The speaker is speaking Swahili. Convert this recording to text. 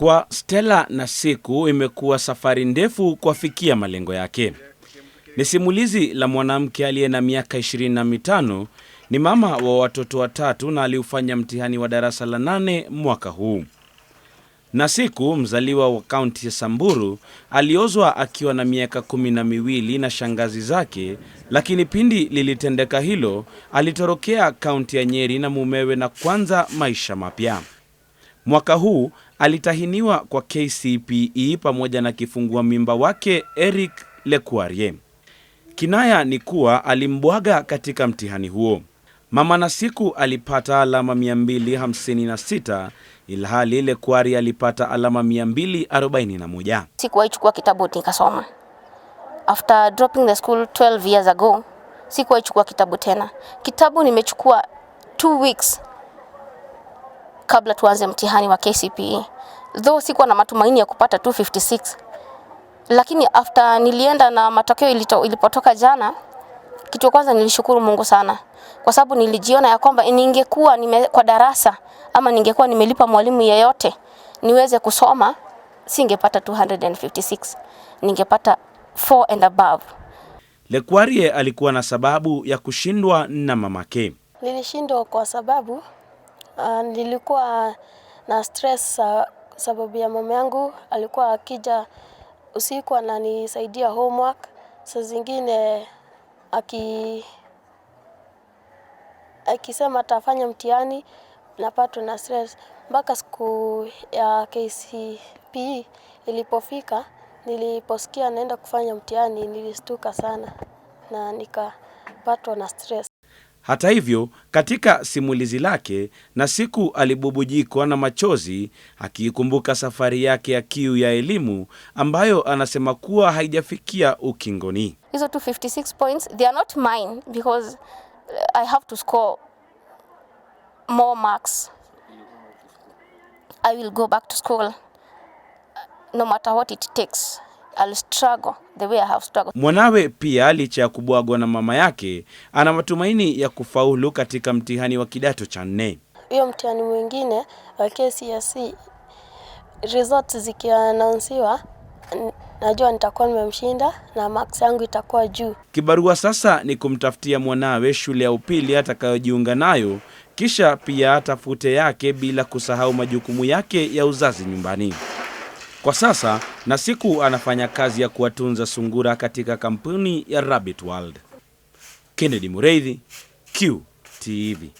Kwa Stella na Siku imekuwa safari ndefu kuafikia malengo yake. Ni simulizi la mwanamke aliye na miaka ishirini na mitano. Ni mama wa watoto watatu na aliufanya mtihani wa darasa la nane mwaka huu. Na Siku, mzaliwa wa kaunti ya Samburu, aliozwa akiwa na miaka kumi na miwili na shangazi zake, lakini pindi lilitendeka hilo, alitorokea kaunti ya Nyeri na mumewe na kuanza maisha mapya. Mwaka huu alitahiniwa kwa KCPE pamoja na kifungua mimba wake Eric Lekuarie. Kinaya ni kuwa alimbwaga katika mtihani huo. Mama Nasiku alipata alama 256 ilhali lekuari alipata alama 241. Sikuwahi chukua kitabu nikasoma. After dropping the school 12 years ago, sikuwahi chukua kitabu tena. Kitabu nimechukua 2 weeks kabla tuanze mtihani wa KCPE. Though sikuwa na matumaini ya kupata 256 lakini after nilienda na matokeo ilito, ilipotoka jana, kitu cha kwanza nilishukuru Mungu sana, kwa sababu nilijiona ya kwamba ningekuwa nime, kwa darasa ama ningekuwa nimelipa mwalimu yeyote niweze kusoma singepata 256 ningepata 4 and above. Lekwarie alikuwa na sababu ya kushindwa na mamake. Nilishindwa kwa sababu Ah, nilikuwa na stress sababu ya mama yangu alikuwa akija usiku ananisaidia homework saa zingine akisema atafanya mtihani napatwa na stress mpaka siku ya kcp e ilipofika niliposikia naenda kufanya mtihani nilistuka sana na nikapatwa na stress. Hata hivyo, katika simulizi lake na siku alibubujikwa na machozi akiikumbuka safari yake ya kiu ya elimu ambayo anasema kuwa haijafikia ukingoni. 256 points they are not mine because uh, I have to score more marks. I will go back to school uh, no matter what it takes. I'll struggle the way I have struggled. Mwanawe pia licha ya kubwagwa na mama yake ana matumaini ya kufaulu katika mtihani wa kidato cha nne. Hiyo mtihani mwingine wa KCSE results zikianansiwa najua nitakuwa nimemshinda na max yangu itakuwa juu. Kibarua sasa ni kumtafutia mwanawe shule ya upili atakayojiunga nayo, kisha pia atafute yake bila kusahau majukumu yake ya uzazi nyumbani. Kwa sasa Nasiku anafanya kazi ya kuwatunza sungura katika kampuni ya Rabbit World. Kennedy Mureithi, QTV.